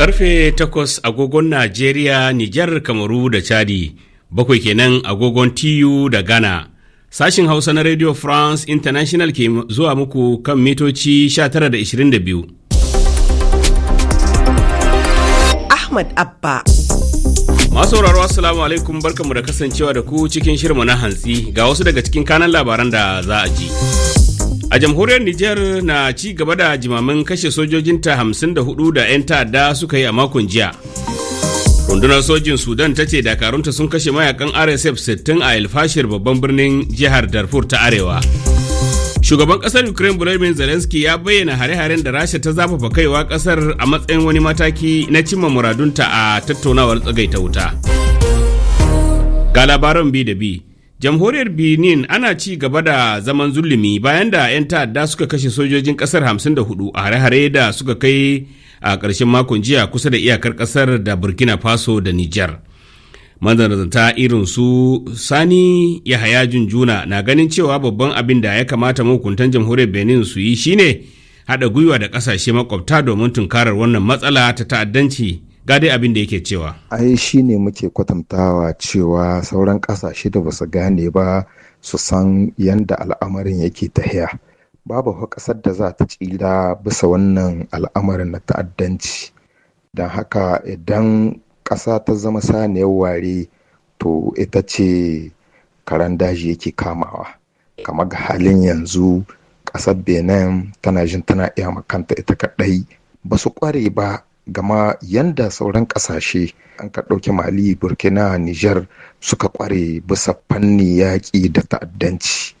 Karfe takwas agogon Najeriya, Nijar, Kamaru da Chadi, bakwai kenan agogon TU da Ghana. Sashin Hausa na Radio France International ke zuwa muku kan mitoci 19.22. Ahmad Abba Masu sauraro Assalamu alaikum barkanmu da kasancewa da ku cikin shirma na hantsi ga wasu daga cikin kanan labaran da za a ji. A jamhuriyar Nijar na ci gaba da jimamin kashe sojojinta hamsin da hudu da 'yan ta'adda suka yi a makon jiya. Rundunar sojin Sudan ta ce dakarunta sun kashe mayakan RSF 60 a Elfashir babban birnin jihar Darfur ta Arewa. Shugaban kasar Ukraine Volodymyr Zelensky ya bayyana hare-haren da Rasha ta zafafa kaiwa kasar a matsayin wani mataki na cimma muradunta a tattaunawar tsagaita wuta. Ga labaran bi da bi. Jamhuriyar Benin ana ci gaba da zaman zulumi bayan da 'yan ta'adda suka kashe sojojin kasar 54 a hare-hare da suka kai a ƙarshen makon jiya kusa da iyakar kasar da Burkina Faso da Nijar. Manzanzanta irin su Sani Yahaya Junjuna na ganin cewa babban abin da ya kamata mahukuntan jamhuriyar Benin su yi shine haɗa gwiwa da ƙasashe makwabta domin tunkarar wannan matsala ta ta'addanci ga dai abin da yake cewa ai shi ne muke kwatantawa cewa sauran kasashe da ba su gane ba su san yadda al'amarin yake tahiya babu fa kasar da za ta tsira bisa wannan al'amarin na ta'addanci don haka idan ƙasa ta zama saniyar ware to ita ce karan daji yake kamawa kamar ga halin yanzu ƙasar benin tana jin tana iya makanta ita kaɗai ba su ƙware ba gama yanda sauran kasashe an ka ɗauki mali burkina niger suka ƙware bisa fanni yaƙi da ta'addanci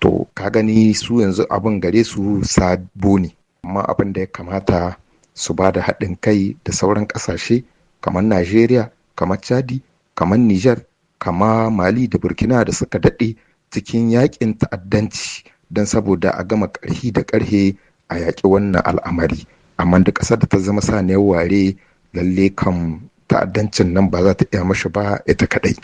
to ka gani su yanzu abin gare su sabo ne amma abin da ya kamata su ba da haɗin kai da sauran kasashe kamar najeriya kamar chadi kamar niger kama mali da burkina da suka daɗe cikin yaƙin ta'addanci don saboda a gama ƙarhi da ƙarhe a yaƙi wannan al'amari amma da ƙasar da ta zama saniyar ware lalle kan ta'addancin nan ba za ta iya mashi ba ita kadai.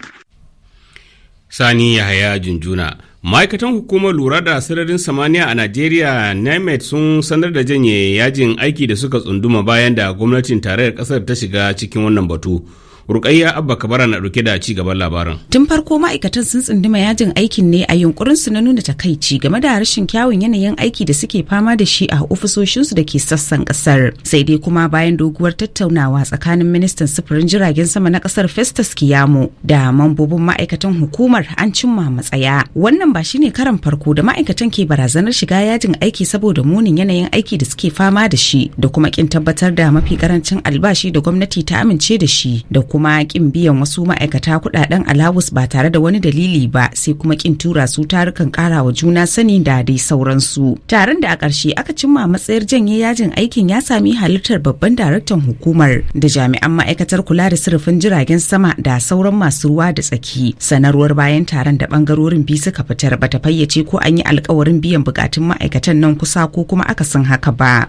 Sani ya haya Junjuna Ma'aikatan hukumar lura da sararin samaniya a Najeriya nemet sun sanar da janye yajin aiki da suka tsunduma bayan da gwamnatin tarayyar ƙasar ta shiga cikin wannan batu. Rukayya Abba Kabara na dauke da ci gaban labarin. Tun farko ma'aikatan sun tsunduma yajin aikin ne a yunkurin su na nuna takaici game da rashin kyawun yanayin aiki da suke fama da shi a ofisoshin su da ke sassan kasar. Sai dai kuma bayan doguwar tattaunawa tsakanin ministan sufurin jiragen sama na kasar Festus Kiyamo da mambobin ma'aikatan hukumar an cimma matsaya. Wannan ba shine karan farko da ma'aikatan ke barazanar shiga yajin aiki saboda munin yanayin aiki da suke fama da shi da kuma kin tabbatar da mafi karancin albashi da gwamnati ta amince da shi kuma kin biyan wasu ma'aikata kudaden alawus ba tare da wani dalili ba sai kuma kin tura su tarukan wa juna sani da dai sauransu taron da a ƙarshe aka cimma matsayar janye yajin aikin ya sami halittar babban daraktan hukumar da jami'an ma'aikatar kula da sirrifin jiragen sama da sauran masu ruwa da tsaki sanarwar bayan taron da bangarorin biyu suka fitar bata fayyace ko an yi alkawarin biyan bukatun ma'aikatan nan kusa ko kuma aka san haka ba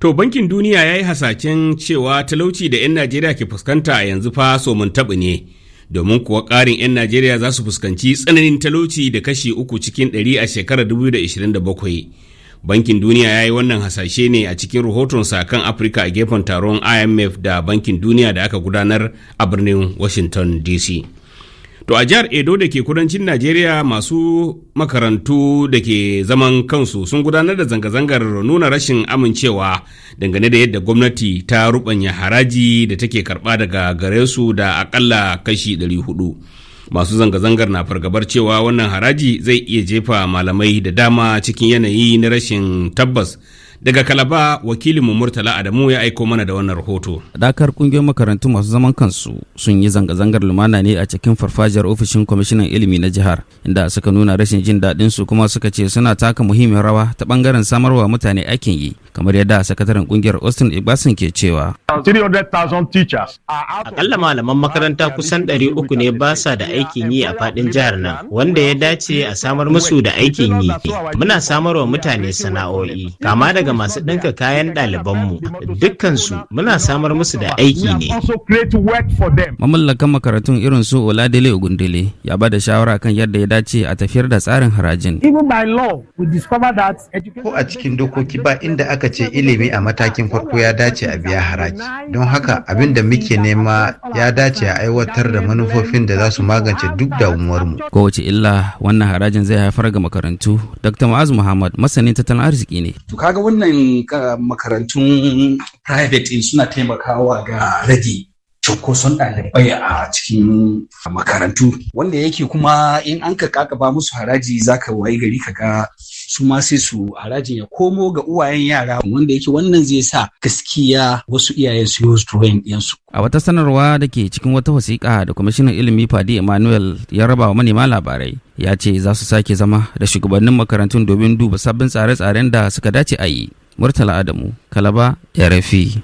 To bankin duniya ya yi hasashen cewa talauci da 'yan Najeriya ke fuskanta a yanzu fa mun taɓi ne, domin kuwa ƙarin 'yan Najeriya za su fuskanci tsananin talauci da kashi uku cikin ɗari a shekarar 2027. Bankin duniya ya yi wannan hasashe ne a cikin rahotonsa kan Afirka a gefen taron IMF da bankin duniya da aka gudanar a birnin Washington DC. To a jihar Edo da ke kudancin Najeriya masu makarantu da ke zaman kansu sun gudanar da zanga-zangar nuna rashin amincewa dangane da yadda gwamnati ta rubanya haraji da take karba daga gare su da akalla kashi 400. Masu zanga-zangar na fargabar cewa wannan haraji zai iya jefa malamai da dama cikin yanayi na rashin tabbas Daga Kalaba mu Murtala Adamu ya aiko mana da wannan rahoto. Dakar kungiyar makarantu masu zaman kansu sun yi zanga-zangar lumana ne a cikin farfajiyar ofishin kwamishinan ilimi na jihar inda suka nuna rashin jin daɗin su kuma suka ce suna taka muhimmiyar rawa ta bangaren samarwa mutane aikin yi kamar yadda sakataren kungiyar austin igbasin ke cewa akalla malaman makaranta kusan ɗari uku ne ba sa da aikin yi a faɗin jihar nan wanda ya dace a samar musu da aikin yi muna samar wa mutane sana'o'i kama daga masu ɗinka kayan ɗalibanmu dukkansu muna samar musu da aiki ne mamallakan makarantun irin su oladele ogundele ya ba da shawara kan yadda ya dace a tafiyar da tsarin harajin ko a cikin dokoki ba inda aka aka ilimi a matakin farko ya dace a biya haraji don haka abin da muke nema ya dace a aiwatar da manufofin da za su magance duk damuwarmu kowace illa wannan harajin zai haifar ga makarantu dr ma'azu muhammad masanin tattalin arziki ne to kaga wannan makarantun private in suna taimakawa ga rage cunkoson ɗalibai a cikin makarantu wanda yake kuma in an ka kakaba musu haraji zaka wayi gari ka su ma sai su harajin ya komo ga uwayen yara wanda yake wannan zai sa gaskiya wasu iyayen su yi drawing ɗiyansu. A wata sanarwa da ke cikin wata wasiƙa da kwamishinan ilimi Fadi Emmanuel ya raba wa manema labarai ya ce za su sake zama da shugabannin makarantun domin duba sabbin tsare-tsaren da suka dace a yi. Murtala Adamu, Kalaba, Yarefi.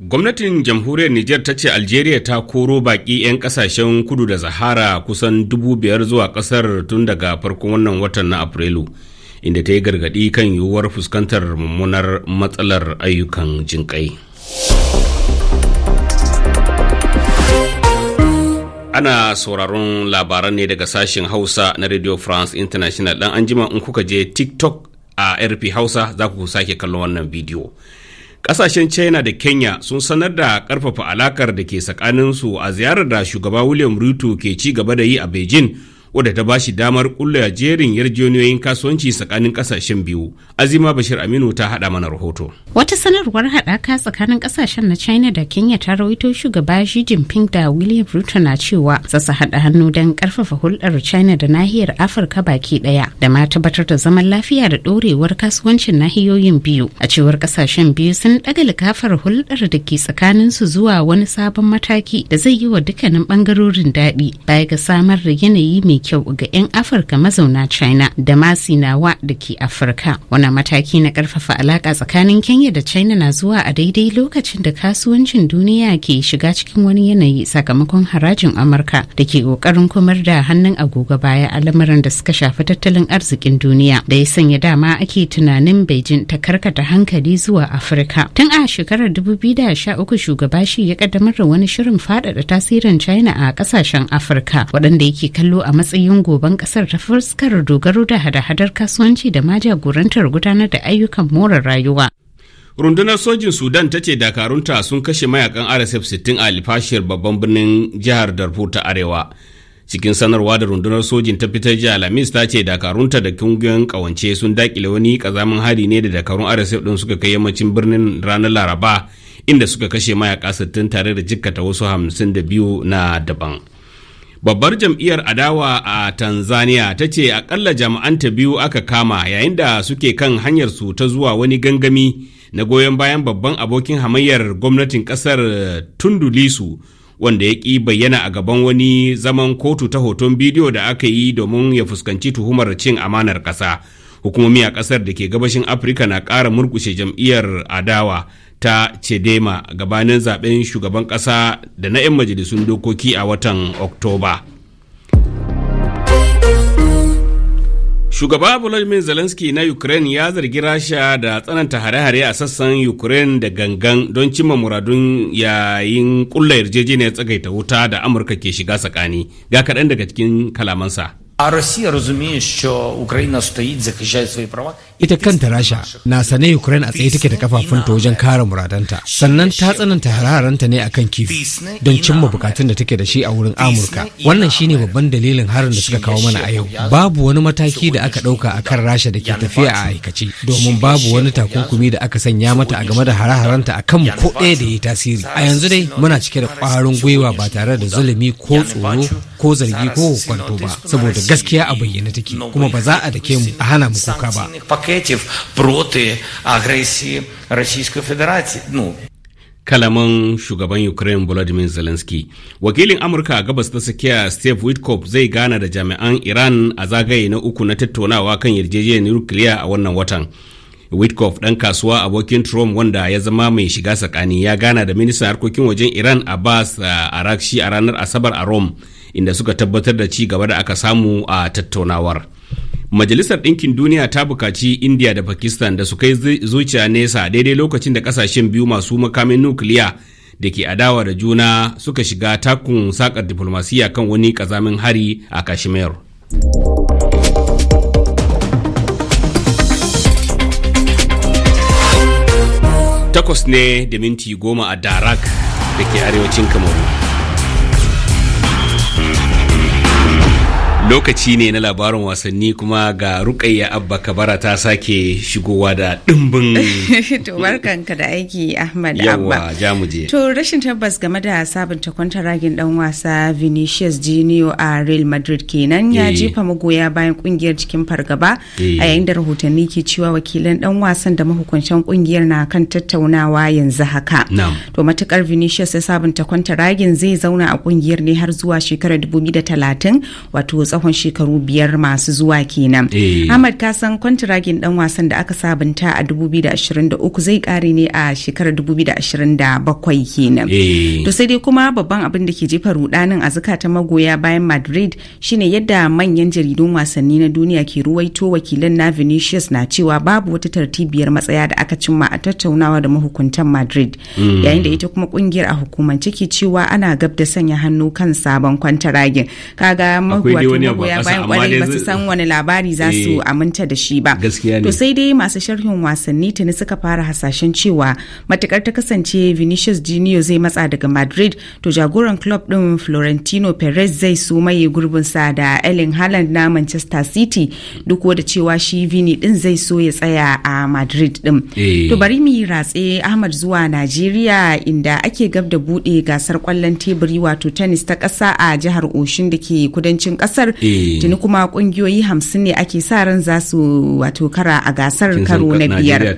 Gwamnatin jamhuriyar Nijar ta ce Algeria ta koro baƙi 'yan ƙasashen kudu da Zahara kusan dubu biyar zuwa ƙasar tun daga farkon wannan watan na Afrilu. inda ta yi gargaɗi kan yiwuwar fuskantar mummunar matsalar ayyukan jinƙai. ana sauraron labaran ne daga sashen hausa na radio france international dan anjima in kuka je tiktok a rp hausa za ku sake kallon wannan bidiyo kasashen china da kenya sun sanar da karfafa alakar da ke tsakaninsu a ziyarar da shugaba william ruto ke ci gaba da yi a beijing wadda ta bashi damar kulla jerin yarjejeniyoyin kasuwanci tsakanin kasashen biyu azima bashir aminu ta hada mana rahoto wata sanarwar haɗaka tsakanin kasashen na china da kenya ta rawaito shugaba xi jinping da william ruto na cewa za su haɗa hannu don karfafa hulɗar china da nahiyar afirka baki ɗaya da ma tabbatar da zaman lafiya da ɗorewar kasuwancin nahiyoyin biyu a cewar kasashen biyu sun ɗaga likafar hulɗar da ke tsakanin su zuwa wani sabon mataki da zai yi wa dukkanin bangarorin daɗi baya ga samar da yanayi mai kyau ga 'yan afirka mazauna china da masinawa da ke afirka wannan mataki na karfafa alaka tsakanin kenya da china na zuwa a daidai lokacin da kasuwancin duniya ke shiga cikin wani yanayi sakamakon harajin amurka da ke kokarin kumar da hannun agogo baya a lamarin da suka shafi tattalin arzikin duniya da ya sanya dama ake tunanin beijing ta karkata hankali zuwa afirka tun a shekarar dubu sha uku shugaba shi ya kaddamar da wani shirin faɗaɗa tasirin china a ƙasashen afirka waɗanda yake kallo a matsayin goben kasar ta fuskar dogaro da hada-hadar kasuwanci da ma jagorantar gudanar da ayyukan more rayuwa. rundunar sojin sudan ta ce dakarunta sun kashe mayakan rsf 60 a lifashiyar babban birnin jihar darfur ta arewa cikin sanarwa da rundunar sojin ta fitar jiya lamis ta ce dakarunta da kungiyoyin kawance sun dakile wani kazamin hari ne da dakarun rsf din suka kai yammacin birnin ranar laraba inda suka kashe mayaka 60 tare da jikkata wasu 52 na daban. Babbar jam'iyyar adawa a Tanzania ta ce akalla jama'anta biyu aka kama yayin da suke kan hanyar su ta zuwa wani gangami na goyon bayan babban abokin hamayyar gwamnatin kasar Tundu Lisu wanda ya ƙi bayyana a gaban wani zaman kotu ta hoton bidiyo da aka yi domin ya fuskanci tuhumar cin amanar ƙasa. Hukumomi a ƙasar da ke gabashin Afirka na ƙara murkushe jam'iyyar adawa. ta cedema gabanin zaben shugaban kasa da na 'yan majalisun dokoki a watan oktoba shugaba volodymyr zelensky na ukraine ya zargi rasha da tsananta hare-hare a sassan ukraine da gangan don cimma muradun yayin kulla yarjejeniyar tsagaita wuta da amurka ke shiga tsakani ga kaɗan daga cikin kalamansa А Росія розуміє, що Україна стоїть, захищає свої права. Ita kanta Rasha na sane Ukraine a tsaye take da kafafunta wajen kare muradanta. Sannan ta tsananta hararanta ne akan kifi don cimma bukatun da take da shi a wurin Amurka. Wannan shine babban dalilin harin da suka kawo mana a yau. Babu wani mataki da aka a akan Rasha da ke tafiya a aikace domin babu wani takunkumi da aka sanya mata a game da hare a kanmu ko ɗaya da ya tasiri. A yanzu dai muna cike da ƙwarin gwiwa ba tare da zulumi ko tsoro ko zargi ko kwanto ba saboda gaskiya a bayyana take kuma ba za a dake mu a hana mu kuka ba kalaman shugaban ukraine volodymyr zelensky wakilin amurka a gabas ta tsakiya steve witkoff zai gana da jami'an iran a zagaye na uku na tattaunawa kan yarjejeniyar nukiliya a wannan watan witkoff dan kasuwa abokin trump wanda ya zama mai shiga tsakani ya gana da ministan harkokin wajen iran a abbas rakshi a ranar asabar a rome inda suka tabbatar da ci gaba da aka samu a tattaunawar majalisar ɗinkin duniya ta bukaci india da pakistan da su kai zuciya nesa daidai lokacin da ƙasashen biyu masu makamin nukiliya da ke adawa da juna suka shiga takun sakar diflomasiya kan wani ƙazamin hari a kashmir takwas ne da minti goma a darak da ke arewacin kamaru lokaci ne na labarin wasanni kuma ga rukayya abba kabara ta sake shigowa da dimbin to barkanka da aiki ahmad abba jamuje to rashin tabbas game da sabunta ragin dan wasa vinicius junior a real madrid kenan ya eh. jefa magoya bayan kungiyar cikin fargaba a eh. yayin da rahotanni ke cewa wakilan dan wasan da mahukuncin kungiyar na kan tattaunawa yanzu haka to matukar vinicius ya sabunta ragin zai zauna a kungiyar ne har zuwa shekarar 2030 wato tsawon shekaru biyar masu zuwa kenan. Eh. Ahmad ka san kwantiragin dan wasan da aka sabunta a 2023 zai kare ne a shekarar 2027 kenan. Eh. To sai dai kuma babban abin da ke jefa rudanin a ta magoya bayan Madrid shine yadda manyan jaridun wasanni na duniya ke ruwaito wakilan na Vinicius na cewa babu wata tartibiyar matsaya da aka cimma a tattaunawa da mahukuntan Madrid. Hmm. Yayin da ita kuma kungiyar a hukumance ke cewa ana gab da sanya hannu kan sabon kwantaragin. Kaga mahukuntan magoya bayan kwarai ba su san wani labari za su eh. aminta da shi ba to sai dai masu sharhin wasanni tuni suka fara hasashen cewa matukar ta kasance Vinicius Junior zai matsa daga Madrid to jagoran club din Florentino Perez zai so maye gurbin sa da Erling Haaland na Manchester City duk da cewa shi Vini din zai so ya tsaya a Madrid din eh. to bari mu ratse Ahmad zuwa Najeriya inda ake gab da bude gasar kwallon teburi wato tennis ta kasa a jihar oshun da ke kudancin kasar Eh. tuni kuma kungiyoyi hamsin ne ake sa ran za su wato kara a gasar karo na biyar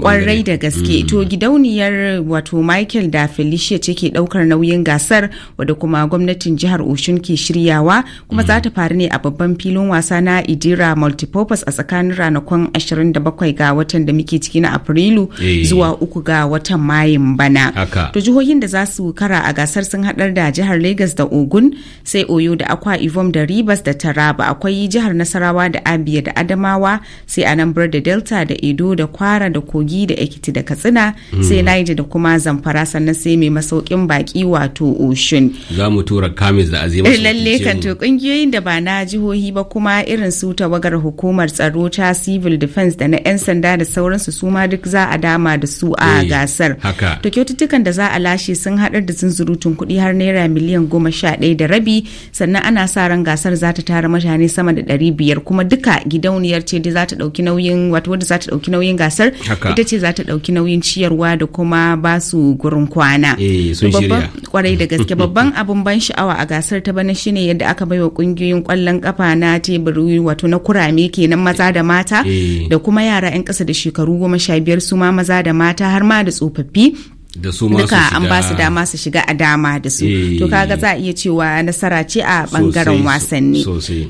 kwarai da gaske mm. to gidauniyar wato michael da felicia ce ke daukar nauyin gasar wadda kuma gwamnatin jihar oshun ke shiryawa kuma za mm. ta faru ne a babban filin wasa na idira multipurpose a tsakanin ranakun 27 ga watan da muke ciki na afrilu eh. zuwa uku ga watan mayin bana to jihohin da za su kara a gasar sun haɗar da jihar lagos da ogun sai oyo da akwa ivom. da Ribas da Taraba akwai jihar Nasarawa da Abia da Adamawa sai Anambra da Delta da Edo da Kwara da Kogi da Ekiti da Katsina sai hmm. Niger da kuma Zamfara sannan sai mai masaukin baki wato ocean. Za mu tura kamis da azima su Lalle kan to kungiyoyin da ba na jihohi ba kuma irin su tawagar hukumar tsaro ta civil defense da na 'yan sanda da sauransu su ma duk za a dama da su a eh, gasar. Haka. To kyaututtukan da za a lashe sun haɗar da zunzurutun kuɗi har naira miliyan goma sha ɗaya da rabi sannan ana sa ran gasar za ta tara mutane sama da ɗari biyar kuma duka gidauniyar ce za ta ɗauki nauyin wato wadda za ta ɗauki nauyin gasar ita ce za ta ɗauki nauyin ciyarwa da kuma basu su gurin kwana. Eh, kwarai da gaske babban abin ban sha'awa a gasar ta bana shine yadda aka baiwa kungiyoyin kwallon kafa na teburi wato na kurame kenan maza da mata eh. da kuma yara 'yan kasa da shekaru goma sha biyar su ma maza da mata har ma da tsofaffi da su masu shiga an ba su dama su shiga a dama da su eh. to kaga za a iya cewa nasara ce a bangaren wasanni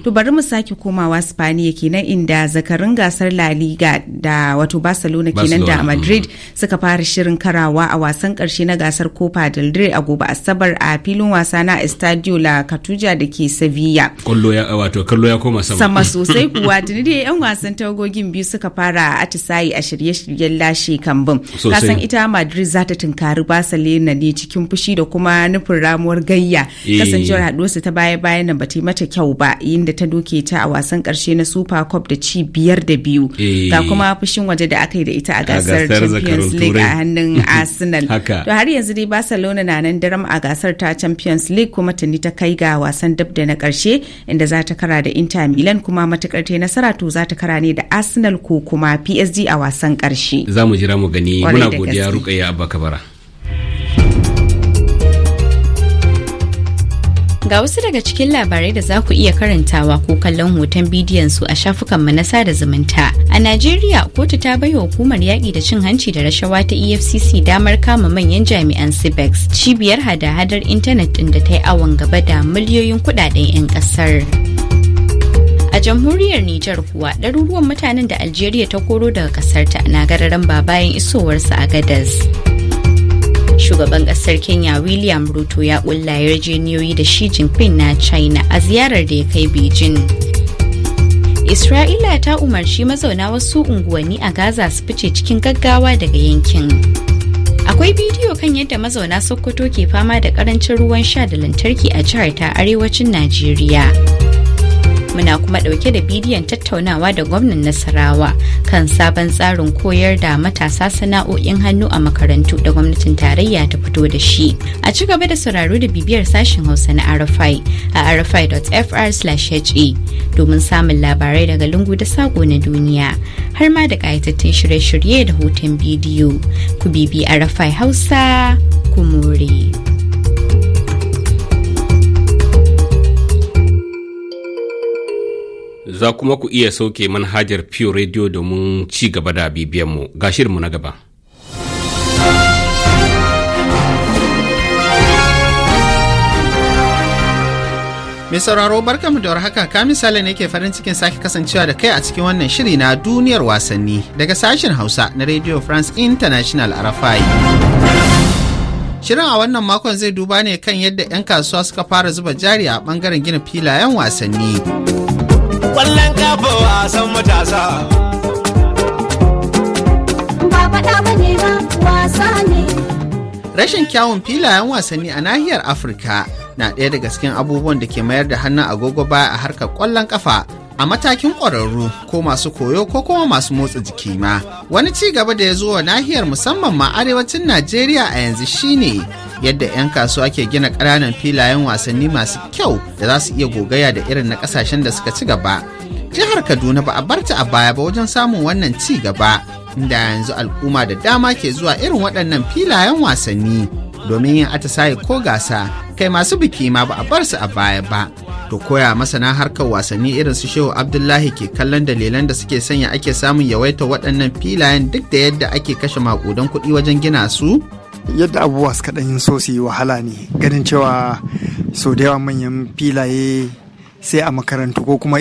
to bari mu sake komawa spaniya kenan inda zakarin gasar la liga da wato barcelona kenan da mm. madrid suka fara shirin karawa a wasan karshe na gasar copa del rey a gobe asabar a filin wasa na estadio la catuja da ke sevilla kallo ya wato kallo ya koma sama sama sosai kuwa tuni dai yan wasan tagogin biyu suka fara atisayi a shirye-shiryen lashe kambun kasan ita madrid za ta tunkari na ne cikin fushi da kuma nufin ramuwar gayya eh. kasancewar haduwarsa ta baya bayan nan bata yi mata kyau ba inda ta doke ta a wasan karshe na Super Cup da ci biyar da biyu eh. ga kuma fushin waje da aka yi da ita a gasar Champions League a hannun Arsenal to har yanzu dai Barcelona na nan daram a gasar ta Champions League kuma tuni ta kai ga wasan dab da na karshe inda za ta kara da Inter Milan kuma matukar ta nasara to za ta kara ne da Arsenal ko kuma PSG a wasan karshe za mu jira mu gani muna godiya Rukayya Abba Kabara Ga wasu daga cikin labarai da za ku iya karantawa ko kallon hoton bidiyon su a shafukanmu na sada zumunta. A Najeriya, kotu ta bai hukumar yaƙi da cin hanci da rashawa ta EFCC damar kama manyan jami'an CBEX, cibiyar hada-hadar intanet ɗin da ta yi awon gaba da miliyoyin kuɗaɗen 'yan ƙasar. A jamhuriyar Nijar kuwa ɗaruruwan mutanen da Algeria ta koro daga ƙasarta na gararan bayan isowarsa a Gadas. shugaban kasar kenya william ruto ya ƙulla yarjejeniyoyi da shi jinping na china a ziyarar da ya kai beijing isra'ila ta umarci mazauna wasu unguwanni a gaza su fice cikin gaggawa daga yankin akwai bidiyo kan yadda mazauna sokoto ke fama da karancin ruwan sha da lantarki a jihar ta arewacin najeriya muna kuma ɗauke da bidiyon tattaunawa da gwamnan Nasarawa kan sabon tsarin koyar da matasa sana'o'in hannu a makarantu da gwamnatin tarayya ta fito da shi. A ci gaba da sauraro da bibiyar sashen Hausa na RFI a rfi.fr/ha domin samun labarai daga lungu da sako na duniya har ma da ƙayatattun shirye-shirye da hoton bidiyo. Ku bibi RFI Hausa ku more. za kuma ku iya sauke manhajar Pure Radio domin ci gaba da bibiyanmu ga shirinmu na gaba. Mai sauraro barkanmu da warhaka ka misali ne ke farin cikin sake kasancewa da kai a cikin wannan shiri na duniyar wasanni daga sashen Hausa na Radio France International a rafai Shirin a wannan makon zai duba ne kan yadda 'yan kasuwa suka fara zuba jari a bangaren gina filayen wasanni. Ƙwallon kafa wasan matasa. Rashin kyawun filayen wasanni a nahiyar Afirka na ɗaya daga cikin abubuwan da ke mayar da hannun agogo baya a harkar ƙwallon ƙafa a matakin ƙwararru ko masu koyo ko kuma masu motsa jiki ma wani ci gaba da ya zo wa nahiyar musamman ma arewacin najeriya a yanzu shine yadda 'yan kasuwa ke gina ƙananan filayen wasanni masu kyau da za su iya gogaya da irin na ƙasashen da suka ci gaba jihar kaduna ba a barta a baya ba wajen samun wannan ci gaba inda yanzu al'umma da dama ke zuwa irin waɗannan filayen wasanni domin yin atisaye ko gasa kai masu biki ma ba a bar su a baya ba to koya masana harkar wasanni irin su shehu abdullahi ke kallon dalilan da suke sanya ake samun yawaita waɗannan filayen duk da yadda ake kashe maƙudan kuɗi wajen gina su yadda abubuwa suka ɗan so su wahala ne ganin cewa sau da yawa manyan filaye sai a makarantu ko kuma